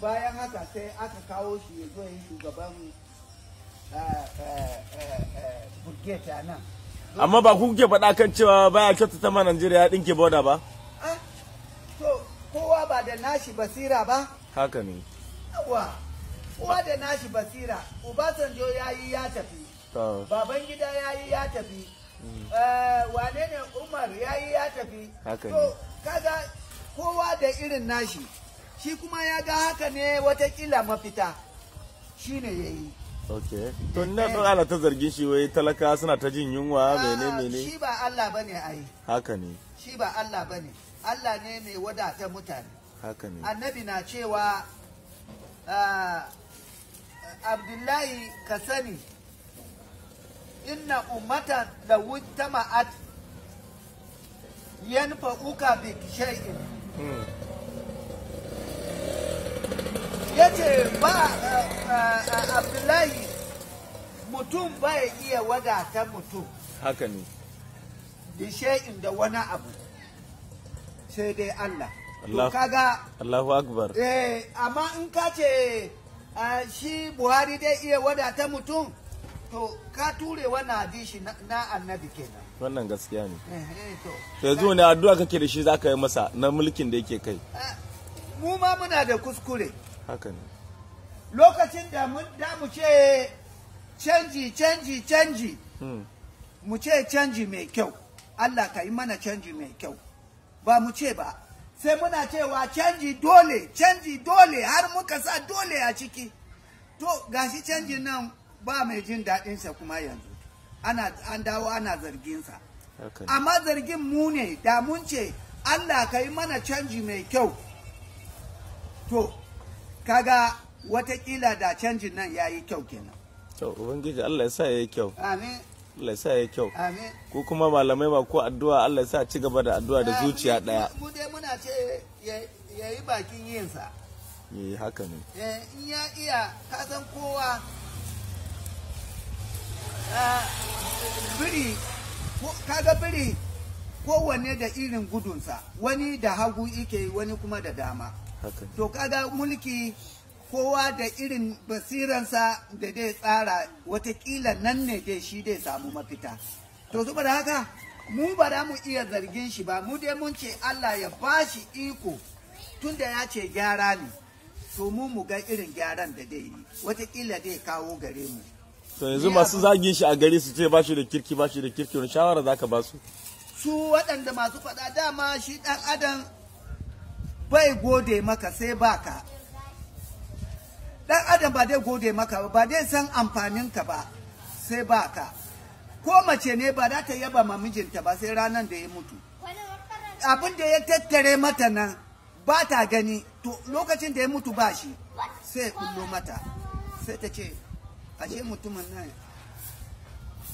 bayan haka sai aka kawo shi ya zo yi shugaban eh, eh, eh, burgeta nan amma ba ku kuke faɗa kan cewa baya ta ma najeriya ya ɗinke boda ba ah, to kowa ba da nashi basira ba haka ne yawa kowa da nashi basira obasanjo ya yi ya tafi baban gida ya yi ya tafi mm. wane ne umar ya yi ya tafi to kaga kowa da irin nashi shi kuma ya ga haka ne watakila mafita shi ne ya yi ok to ina don ana ta zargin shi wai talaka suna ta jin yunwa ah, mene mene shi ba Allah bane ai haka ne shi ba Allah ba ne Allah ne mai wadata mutane haka ne annabi na cewa ah, abdullahi ka sani inna ummata da yan fa'uka bi shay'in hmm. ba eh, eh, eh, abdullahi mutum ba ya iya wadata mutum haka ne dishe'in da wani abu sai dai Allah to kaga Allahu akbar eh amma in ka ce shi Buhari dai iya wadata mutum to ka ture wani hadisi na annabi kenan wannan gaskiya ne to yanzu ne, addu'a kake da shi zaka yi masa na mulkin da yake kai mu ma muna da kuskure haka ne lokacin da mun da mu ce canji canji canji hmm. mu ce canji mai kyau Allah ka yi mana canji mai kyau ba mu ce ba sai muna cewa canji dole canji dole har muka sa dole a ciki to gashi canji nan ba mai jin daɗinsa kuma yanzu ana an dawo ana zarginsa amma zargin mu ne da mun ce Allah ka yi mana canji mai kyau to kaga watakila da canjin nan ya yi kyau kenan Kyau, ubangiji Allah ya sa ya yi kyau amin Allah ya sa ya yi kyau amin ku kuma malamai ba ku addu'a Allah ya sa ci gaba da addu'a da zuciya daya mu dai muna ce ya yi bakin yin sa ya yi haka ne eh, in ya iya ka san kowa ah, biri kaga biri kowanne da irin gudunsa wani da hagu ike wani kuma da dama to kaga mulki kowa da irin basiransa da dai tsara watakila nan ne dai shi dai samu mafita to zuba da haka mu ba za mu iya zargin shi ba mu dai mun ce Allah ya ba shi iko tunda ya ce gyara ne to mu mu ga irin gyaran da dai yi watakila dai kawo gare mu to yanzu masu zagin shi a gari su ce ba shi da kirki ba shi da kirki wani shawara zaka ba su su waɗanda masu faɗa dama shi ɗan adam bai gode maka sai baka dan adam ba zai gode maka ba ba zai san amfanin ka ba sai ba ka ko mace ne ba za ta yaba ma mijinta ba sai ranan da ya mutu abin da ya tattare mata nan ba ta gani to lokacin da ya mutu ba shi sai ya kullo mata sai ta ce ashe mutumin nan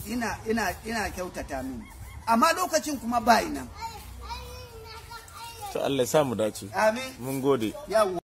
ina ina ina kyautata mini amma lokacin kuma ba nan to Allah ya samu dace amin mun gode